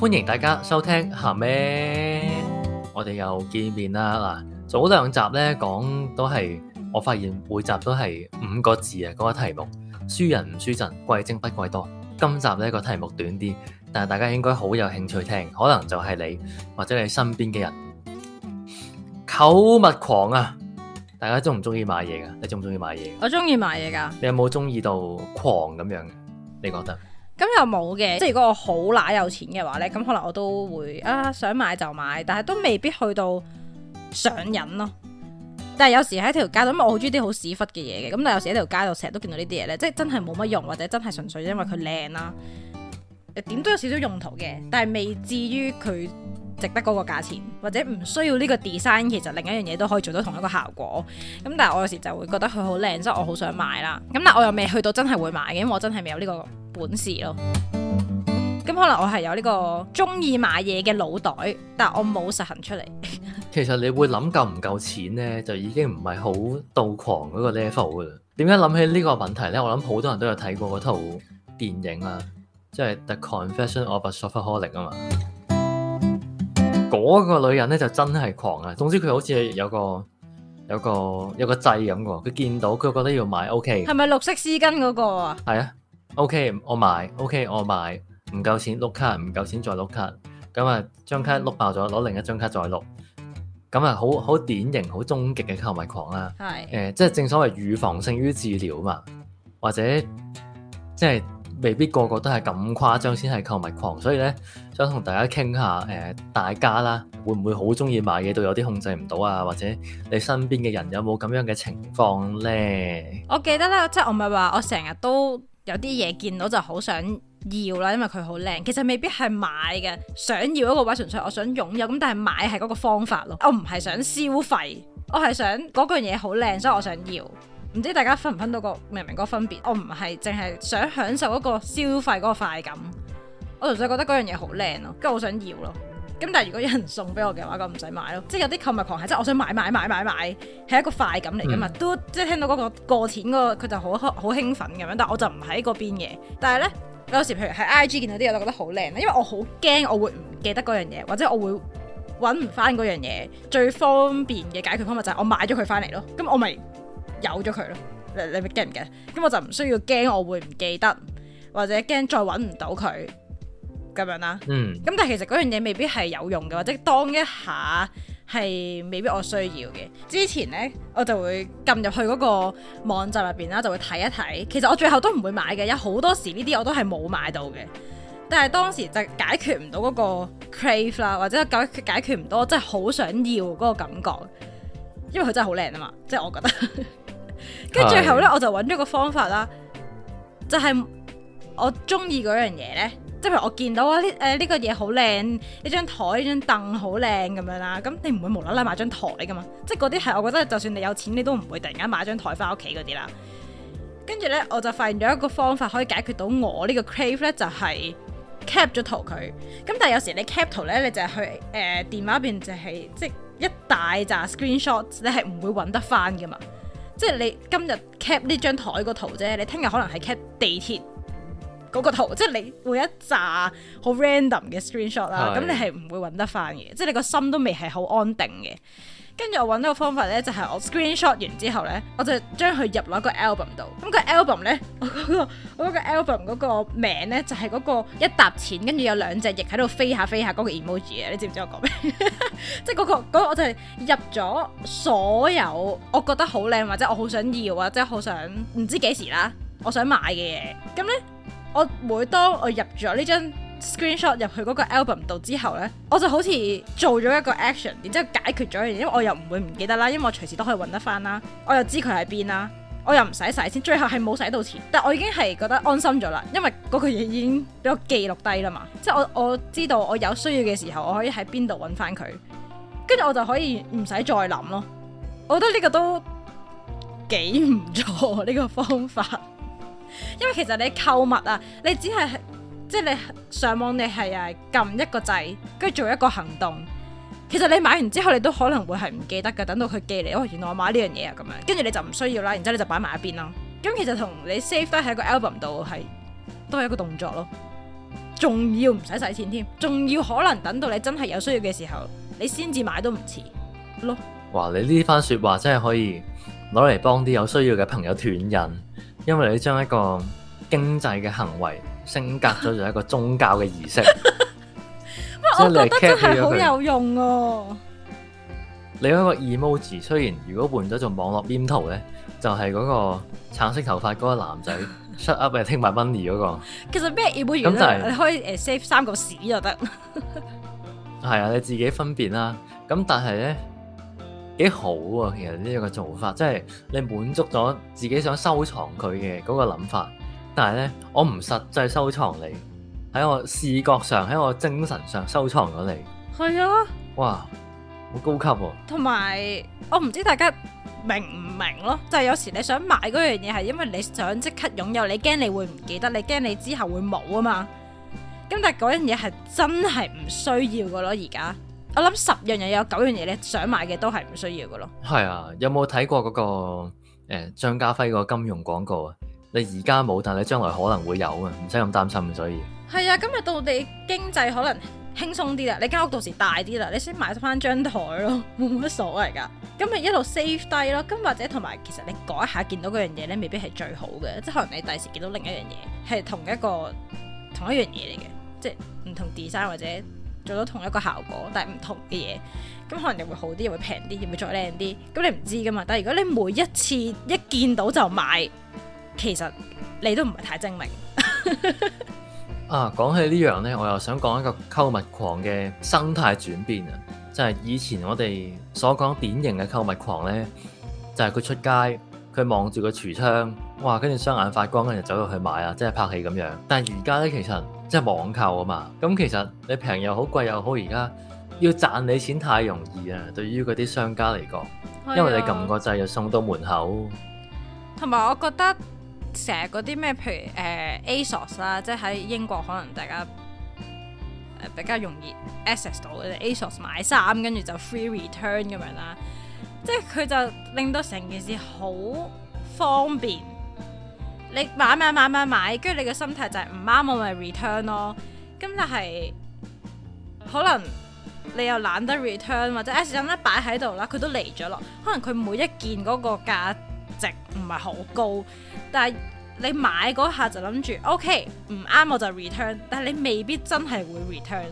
歡迎大家收聽《鹹咩、啊》，我哋又見面啦！嗱，早兩集咧，講都係，我發現每集都係五個字啊，嗰個題目：輸人唔輸陣，貴精不貴多。今集呢個題目短啲，但係大家應該好有興趣聽，可能就係你或者你身邊嘅人購物狂啊！大家中唔中意買嘢噶？你中唔中意買嘢？我中意買嘢噶。你有冇中意到狂咁樣嘅？你覺得？咁又冇嘅，即係如果我好乸有錢嘅話呢，咁可能我都會啊，想買就買，但係都未必去到上癮咯。但係有時喺條街度，因為我好中意啲好屎忽嘅嘢嘅，咁但係有時喺條街度成日都見到呢啲嘢呢，即係真係冇乜用，或者真係純粹因為佢靚啦。點都有少少用途嘅，但係未至於佢。值得嗰個價錢，或者唔需要呢個 design，其實另一樣嘢都可以做到同一個效果。咁但係我有時就會覺得佢好靚，所以我好想買啦。咁但係我又未去到真係會買嘅，因為我真係未有呢個本事咯。咁可能我係有呢個中意買嘢嘅腦袋，但我冇實行出嚟。 其實你會諗夠唔夠錢呢？就已經唔係好到狂嗰個 level 啦。點解諗起呢個問題呢？我諗好多人都有睇過嗰套電影啊，即係 The Confession of a Shopaholic 啊嘛。嗰個女人咧就真係狂啊！總之佢好似有個有個有個掣咁喎，佢見到佢覺得要買，OK。係咪綠色絲巾嗰個啊？係啊，OK 我買，OK 我買，唔夠錢碌卡，唔夠錢再碌卡，咁啊張卡碌爆咗，攞另一張卡再碌，咁啊好好典型好終極嘅購物狂啦。係誒，呃，即係正所謂預防勝於治療啊嘛，或者即係。未必個個都係咁誇張先係購物狂，所以呢，想同大家傾下，誒、呃、大家啦，會唔會好中意買嘢都有啲控制唔到啊？或者你身邊嘅人有冇咁樣嘅情況呢？我記得咧，即係我唔係話我成日都有啲嘢見到就好想要啦，因為佢好靚。其實未必係買嘅，想要嗰個位純粹我想擁有咁，但係買係嗰個方法咯。我唔係想消費，我係想嗰樣嘢好靚，所以我想要。唔知大家分唔分到個明唔明嗰分別？我唔係淨係想享受一個消費嗰個快感，我純粹覺得嗰樣嘢好靚咯，跟住我想要咯。咁但係如果有人送俾我嘅話，咁唔使買咯。即係有啲購物狂係即係我想買買買買買，係一個快感嚟噶嘛。嗯、都即係聽到嗰個過錢嗰個佢就好好興奮咁樣，但係我就唔喺嗰邊嘅。但係呢，有時譬如喺 IG 見到啲嘢，我都覺得好靚，因為我好驚我會唔記得嗰樣嘢，或者我會揾唔翻嗰樣嘢。最方便嘅解決方法就係我買咗佢翻嚟咯。咁我咪。有咗佢咯，你你驚唔驚？咁我就唔需要驚我會唔記得，或者驚再搵唔到佢咁樣啦。嗯。咁但係其實嗰樣嘢未必係有用嘅，或者當一下係未必我需要嘅。之前呢，我就會撳入去嗰個網站入邊啦，就會睇一睇。其實我最後都唔會買嘅，有好多時呢啲我都係冇買到嘅。但係當時就解決唔到嗰個 crave 啦，或者解解決唔到，我真係好想要嗰個感覺，因為佢真係好靚啊嘛，即係我覺得。 跟住最後咧，我就揾咗個方法啦，就係、是、我中意嗰樣嘢咧，即係譬如我見到啊，呢誒呢個嘢好靚，呢張台呢張凳好靚咁樣啦，咁、這個、你唔會無啦啦買張台噶嘛，即係嗰啲係我覺得就算你有錢，你都唔會突然間買張台翻屋企嗰啲啦。跟住咧，我就發現咗一個方法可以解決到我呢個 crave 咧，就係 cap 咗圖佢。咁但係有時你 cap 圖咧，你就係去誒、呃、電話邊就係、是、即係一大扎 screen shot，你係唔會揾得翻噶嘛。即係你今日 cap 呢張台個圖啫，你聽日可能係 cap 地鐵嗰個圖，即係你會一紮好 random 嘅 screenshot 啦，咁是的 你係唔會揾得翻嘅，即係你個心都未係好安定嘅。跟住我揾到個方法呢，就係我 screen shot 完之後呢，我就將佢入落個 album 度。咁、嗯個 album 呢，我嗰個我嗰個 album 嗰個名呢，就係嗰個一沓錢，跟住有兩隻翼喺度飛下飛下嗰個 emoji 你知唔知我講咩？即係嗰個嗰個， 嗰個嗰個、我就入咗所有我覺得好靚或者我好想要啊，即係好想唔知幾時啦，我想買嘅嘢。咁呢，我每當我入咗呢張。Screenshot 入去嗰個 album 度之後呢，我就好似做咗一個 action，然之後解決咗一樣嘢，因為我又唔會唔記得啦，因為我隨時都可以揾得翻啦，我又知佢喺邊啦，我又唔使使錢，最後係冇使到錢，但我已經係覺得安心咗啦，因為嗰個嘢已經俾我記錄低啦嘛，即係我我知道我有需要嘅時候，我可以喺邊度揾翻佢，跟住我就可以唔使再諗咯，我覺得呢個都幾唔錯呢、呢個方法， 因為其實你購物啊，你只係。即係你上網，你係係撳一個掣，跟住做一個行動。其實你買完之後，你都可能會係唔記得噶。等到佢寄嚟，哦，原來我買呢樣嘢啊，咁樣，跟住你就唔需要啦。然之後你就擺埋一邊咯。咁其實同你 save 翻喺個 album 度係都係一個動作咯。仲要唔使使錢添，仲要可能等到你真係有需要嘅時候，你先至買都唔遲咯。哇！你呢番說話真係可以攞嚟幫啲有需要嘅朋友斷癮，因為你將一個經濟嘅行為。升格咗做一個宗教嘅儀式， 我覺得真係好有用啊。你嗰個 emoji 雖然如果換咗做網絡 emoji 咧，就係嗰個橙色頭髮嗰個男仔，shut up 誒 take my money 嗰、那個。其實咩 emoji 咧？就是，你可以誒 save 三個屎就得。係 啊，你自己分辨啦。咁但係咧幾好啊，其實呢一個做法，即係你滿足咗自己想收藏佢嘅嗰個諗法。但係咧，我唔實際收藏你，喺我視覺上，喺我精神上收藏咗你。係啊，哇，好高級喎！同埋，我唔知大家明唔明咯，就係有時你想買嗰樣嘢，係因為你想即刻擁有，你驚你會唔記得，你驚你之後會冇啊嘛。咁但係嗰樣嘢係真係唔需要噶咯，而家我諗十樣嘢有九樣嘢你想買嘅都係唔需要噶咯。係啊，有冇睇過嗰個，誒，張家輝個金融廣告啊？你而家冇，但係你將來可能會有啊，唔使咁擔心。所以係啊，今日到你經濟可能輕鬆啲啦，你間屋到時大啲啦，你先買咗翻張台咯，冇乜所謂噶。今日一路 save 低咯，咁或者同埋其實你改下見到嗰樣嘢咧，未必係最好嘅，即係可能你第時見到另一樣嘢係同一個同一樣嘢嚟嘅，即係唔同 design 或者做到同一個效果，但係唔同嘅嘢。咁可能又會好啲，又會平啲，又會再靚啲。咁你唔知噶嘛？但係如果你每一次一見到就買，其實你都唔係太精明 啊！講起呢樣呢，我又想講一個購物狂嘅生態轉變啊！即係以前我哋所講典型嘅購物狂呢，就係佢出街，佢望住個櫥窗，哇，跟住雙眼發光，跟住走入去買啊，即係拍戲咁樣。但係而家呢，其實即係網購啊嘛，咁其實你平又好，貴又好，而家要賺你錢太容易啊！對於嗰啲商家嚟講，因為你撳個掣就送到門口，同埋、啊、我覺得。成日嗰啲咩，譬如誒、呃、ASOS 啦，即係喺英國可能大家比較容易 access 到嘅 ASOS 買衫，跟住就 free return 咁樣啦。即係佢就令到成件事好方便，你買買買買買，跟住你嘅心態就係唔啱我咪 return 咯。咁但係可能你又懶得 return 或者誒咁係擺喺度啦，佢都嚟咗咯。可能佢每一件嗰個價。值唔係好高，但係你買嗰下就諗住 OK，唔啱我就 return，但係你未必真係會 return，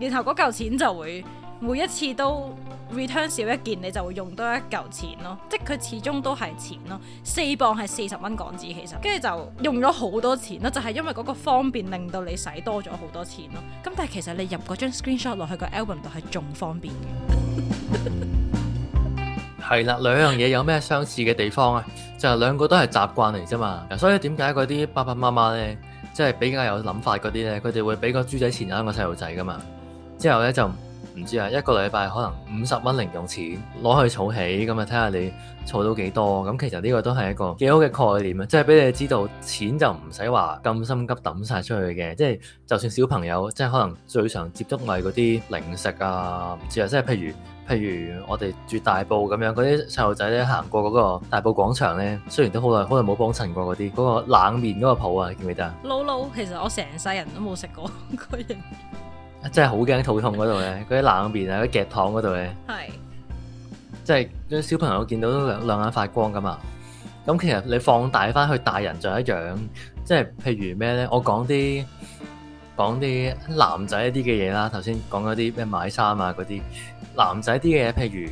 然後嗰嚿錢就會每一次都 return 少一件，你就會用多一嚿錢咯，即係佢始終都係錢咯。四磅係四十蚊港紙，其實跟住就用咗好多錢咯，就係因為嗰個方便令到你使多咗好多錢咯。咁但係其實你入嗰張 screen shot 落去個 album 度係仲方便嘅。 係啦，兩樣嘢有咩相似嘅地方啊？就係兩個都係習慣嚟啫嘛。所以點解嗰啲爸爸媽媽咧，即係比較有諗法嗰啲咧，佢哋會俾個豬仔錢揀個細路仔噶嘛。之後咧就唔知啊，一個禮拜可能五十蚊零用錢攞去儲起，咁啊睇下你儲到幾多。咁、嗯、其實呢個都係一個幾好嘅概念啊，即係俾你知道錢就唔使話咁心急抌晒出去嘅。即係就算小朋友即係可能最常接觸係嗰啲零食啊，唔知啊，即係譬如。譬如我哋住大埔咁樣，嗰啲細路仔咧行過嗰個大埔廣場咧，雖然都好耐好耐冇幫襯過嗰啲嗰個冷麵嗰個鋪啊，記唔記得啊？老老，其實我成世人都冇食過嗰樣。真係好驚肚痛嗰度咧，嗰啲冷麵啊，嗰啲夾糖嗰度咧。係， 即係啲小朋友見到都兩兩眼發光㗎嘛。咁其實你放大翻去大人就一樣，即係譬如咩咧？我講啲講啲男仔一啲嘅嘢啦。頭先講嗰啲咩買衫啊嗰啲。男仔啲嘅嘢，譬如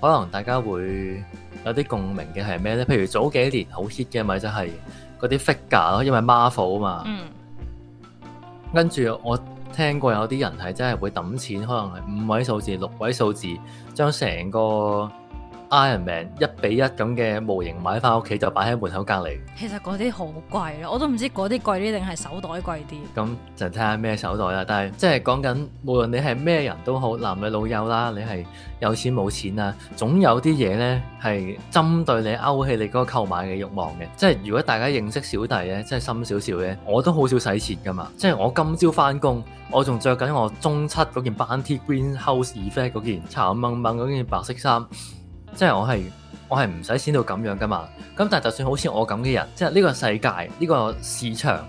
可能大家會有啲共鳴嘅係咩咧？譬如早幾年好 hit 嘅咪就係嗰啲 figure 咯，因為 Marvel 啊嘛。嗯。跟住我聽過有啲人係真係會揼錢，可能係五位數字、六位數字，將成個 Iron Man 一比一咁嘅模型買翻屋企，就擺喺門口隔離。其實嗰啲好貴咯，我都唔知嗰啲貴啲定係手袋貴啲。咁就睇下咩手袋啦。但係即係講緊，無論你係咩人都好，男女老幼啦，你係有錢冇錢啊，總有啲嘢呢係針對你勾起你嗰個購買嘅慾望嘅。即係如果大家認識小弟咧，真係深少少嘅，我都好少使錢噶嘛。即係我今朝翻工，我仲着緊我中七嗰件班 T Greenhouse Effect 嗰件，慘掹掹嗰件白色衫。即係我係我係唔使錢到咁樣噶嘛，咁但係就算好似我咁嘅人，即係呢個世界呢個市場，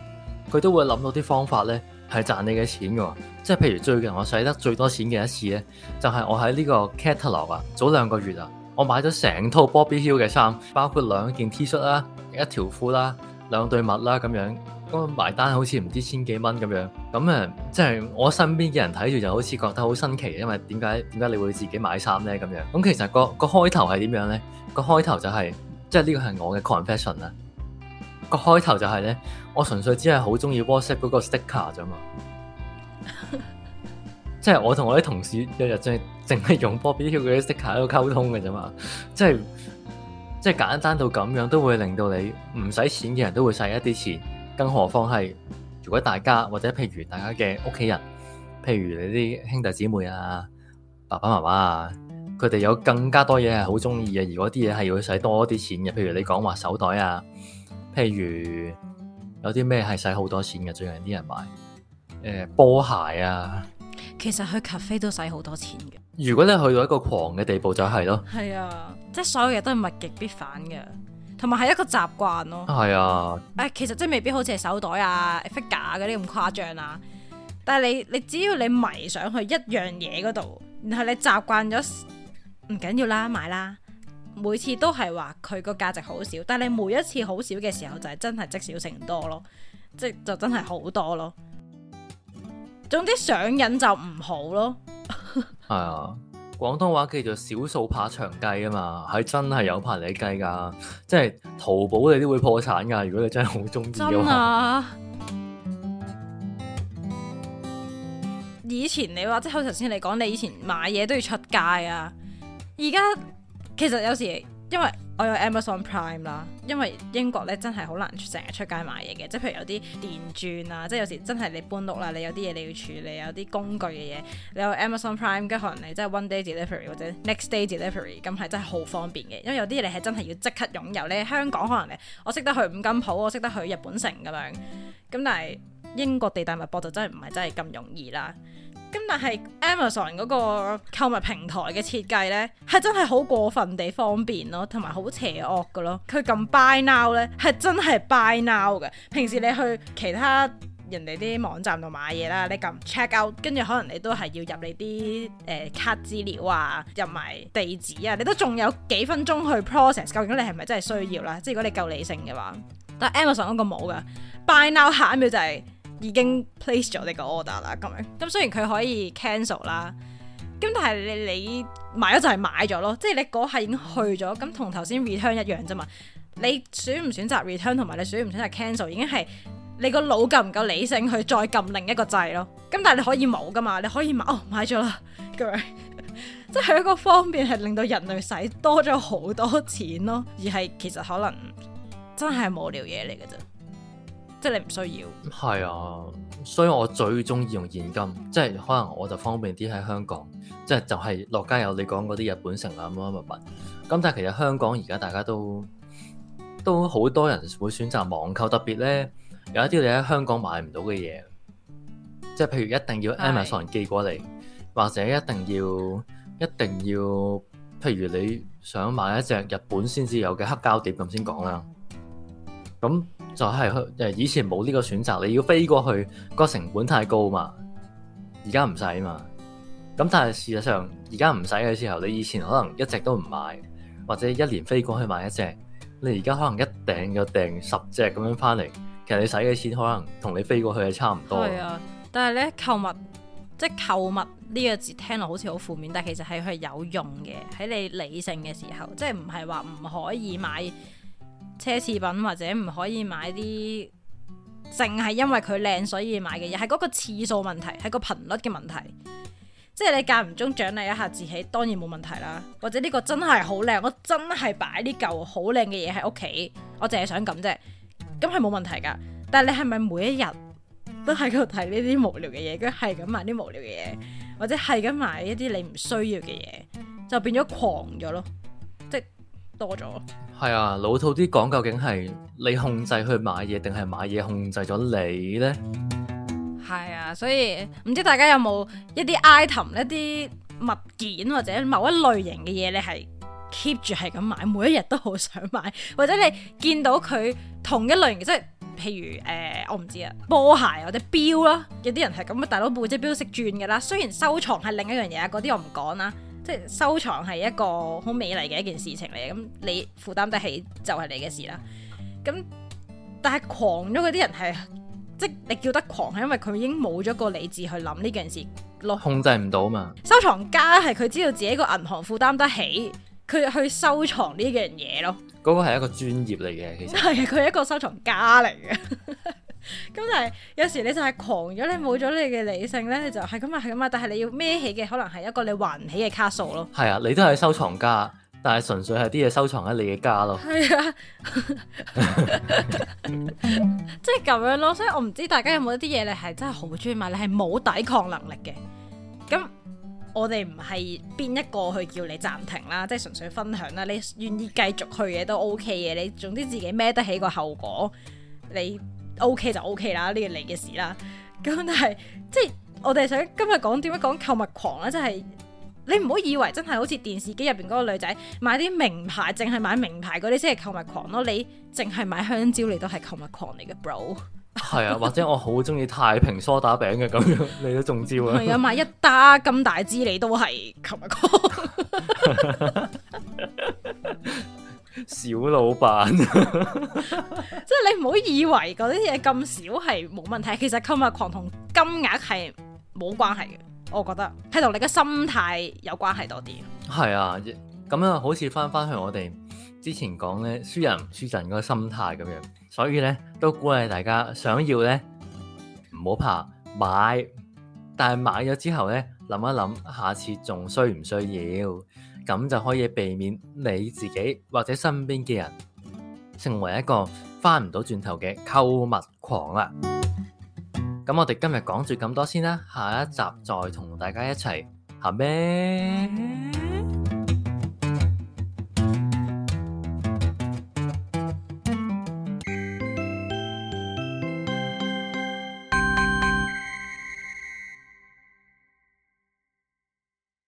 佢都會諗到啲方法呢係賺你嘅錢噶。即係譬如最近我使得最多錢嘅一次呢，就係我喺呢個 catalog 啊，早兩個月啊，我買咗成套 Bobby Hill 嘅衫，包括兩件 T 恤啦，一條褲啦，兩對襪啦咁樣，咁埋單好似唔知千幾蚊咁樣。咁啊、嗯，即係我身邊嘅人睇住就好似覺得好新奇，因為點解點解你會自己買衫咧？咁樣咁其實個個開頭係點樣咧？個開頭就係、是、即係呢個係我嘅 confession 啦。個開頭就係咧，我純粹只係好中意 WhatsApp 嗰個 sticker 啫嘛。即係我同我啲同事日日淨淨係用 Bobby Q 嗰啲 sticker 喺度溝通嘅啫嘛。即係即係簡單到咁樣，都會令到你唔使錢嘅人都會使一啲錢，更何況係。如果大家或者譬如大家嘅屋企人，譬如你啲兄弟姊妹啊、爸爸媽媽啊，佢哋有更加多嘢係好中意嘅。如果啲嘢係要使多啲錢嘅，譬如你講話手袋啊，譬如有啲咩係使好多錢嘅，最近啲人買誒、呃、波鞋啊，其實去 cafe 都使好多錢嘅。如果你去到一個狂嘅地步、就係，就係咯。係啊，即係所有嘢都係物極必反嘅。同埋係一個習慣咯，係啊、哎，誒，其實即係未必好似係手袋啊、figure 啊嗰啲咁誇張啊，但係你你只要你迷上去一樣嘢嗰度，然後你習慣咗，唔緊要啦，買啦，每次都係話佢個價值好少，但係你每一次好少嘅時候就係真係積少成多咯，即係就真係好多咯，總之上癮就唔好咯，係 啊、哎。廣東話叫做少數怕長計啊嘛，係真係有排你計㗎，即係淘寶你都會破產㗎。如果你真係好中意嘅話，真啊、 以前你話即係好似頭先你講，你以前買嘢都要出街啊，而家其實有時因為。我有 Amazon Prime 啦，因為英國咧真係好難成日出街買嘢嘅，即係譬如有啲電鑽啊，即係有時真係你搬屋啦，你有啲嘢你要處理，有啲工具嘅嘢，你有 Amazon Prime，咁可能你真係 one day delivery 或者 next day delivery，咁係真係好方便嘅，因為有啲嘢你係真係要即刻擁有。你喺香港可能你我識得去五金鋪，我識得去日本城咁樣，咁但係英國地大物博就真係唔係真係咁容易啦。咁但係 Amazon 嗰個購物平台嘅設計呢，係真係好過分地方便咯，同埋好邪惡噶咯。佢撳 Buy Now 呢，係真係 Buy Now 嘅。平時你去其他人哋啲網站度買嘢啦，你撳 Check Out，跟住可能你都係要入你啲誒、呃、卡資料啊，入埋地址啊，你都仲有幾分鐘去 process。究竟你係咪真係需要啦？即係如果你夠理性嘅話，但 Amazon 嗰個冇噶，Buy Now 下一秒就係、是。已經 place 咗你個 order 啦，咁樣咁雖然佢可以 cancel 啦，咁但係你你買咗就係買咗咯，即係你嗰下已經去咗，咁同頭先 return 一樣啫嘛。你選唔選擇 return 同埋你選唔選擇 cancel 已經係你個腦夠唔夠理性去再撳另一個掣咯。咁但係你可以冇噶嘛，你可以買哦買咗啦，咁樣 即係一個方面係令到人類使多咗好多錢咯，而係其實可能真係無聊嘢嚟嘅啫。即係你唔需要，係啊，所以我最中意用現金，即係可能我就方便啲喺香港，即係就係落街有你講嗰啲日本城啊，咁樣物物。咁但係其實香港而家大家都都好多人會選擇網購，特別呢有一啲你喺香港買唔到嘅嘢，即係譬如一定要 Amazon 寄過嚟，是或者一定要一定要，譬如你想買一隻日本先至有嘅黑膠碟咁先講啦，咁、嗯。就係，以前冇呢個選擇，你要飛過去個成本太高嘛。而家唔使嘛。咁但係事實上，而家唔使嘅時候，你以前可能一直都唔買，或者一年飛過去買一隻。你而家可能一訂就訂十隻咁樣翻嚟，其實你使嘅錢可能同你飛過去係差唔多。但係呢，購物，即係購物呢個字聽落好似好負面，但其實係佢有用嘅，喺你理性嘅時候，即係唔係話唔可以買。奢侈品或者唔可以買啲淨係因為佢靚所以買嘅嘢，係嗰個次數問題，係個頻率嘅問題。即係你間唔中獎勵一下自己，當然冇問題啦。或者呢個真係好靚，我真係擺啲舊好靚嘅嘢喺屋企，我淨係想咁啫，咁係冇問題噶。但係你係咪每一日都喺度睇呢啲無聊嘅嘢，跟係咁買啲無聊嘅嘢，或者係咁買一啲你唔需要嘅嘢，就變咗狂咗咯。多咗，係啊！老套啲講，究竟係你控制去買嘢，定係買嘢控制咗你呢？係 啊，所以唔知大家有冇一啲 item、一啲物件或者某一類型嘅嘢，你係 keep 住係咁買，每一日都好想買，或者你見到佢同一類型，即係譬如誒、呃，我唔知啊，波鞋或者錶啦，有啲人係咁嘅，大佬背即係錶識轉嘅啦。雖然收藏係另一樣嘢，嗰啲我唔講啦。即係收藏係一個好美麗嘅一件事情嚟，咁你負擔得起就係你嘅事啦。咁但係狂咗嗰啲人係，即你叫得狂係因為佢已經冇咗個理智去諗呢件事咯，落控制唔到嘛。收藏家係佢知道自己個銀行負擔得起，佢去收藏呢樣嘢咯。嗰個係一個專業嚟嘅，其實係佢 係一個收藏家嚟嘅。 咁但係有時你就係狂咗，你冇咗你嘅理性咧，你就係咁啊，係咁啊！但係你要孭起嘅可能係一個你還唔起嘅卡數咯。係啊，你都係收藏家，但係純粹係啲嘢，收藏喺你嘅家咯。係啊，即係咁樣咯，所以我唔知大家有冇一啲嘢你係真係好中意買，你係冇抵抗能力嘅。咁我哋唔係邊一個去叫你暫停啦，即係純粹分享啦。你願意繼續去嘅都 OK 嘅，你總之自己孭得起個後果，你。O、OK、K 就 O、OK、K 啦，呢個你嘅事啦，咁但係即係我哋想今日講點樣講購物狂啦、啊，即係你唔好以為真係好似電視機入邊嗰個女仔買啲名牌，淨係買名牌嗰啲先係購物狂咯、啊，你淨係買香蕉你都係購物狂嚟嘅，Bro。係啊，或者我好中意太平梳打餅嘅咁樣，你都中招啊。係啊，買一打咁大支你都係購物狂。 小老闆， 即係你唔好以為嗰啲嘢，咁少係冇問題。其實購物狂同金額係冇關係嘅，我覺得係同你嘅心態有關係多啲。係啊，咁樣好似翻翻去我哋之前講咧，輸人唔輸陣嗰個心態咁樣，所以咧都鼓勵大家想要咧，唔好怕買，但係買咗之後咧諗一諗，下次仲需唔需要？咁就可以避免你自己或者身邊嘅人成為一個翻唔到轉頭嘅購物狂啦。咁 我哋今日講住咁多先啦，下一集再同大家一齊行咩？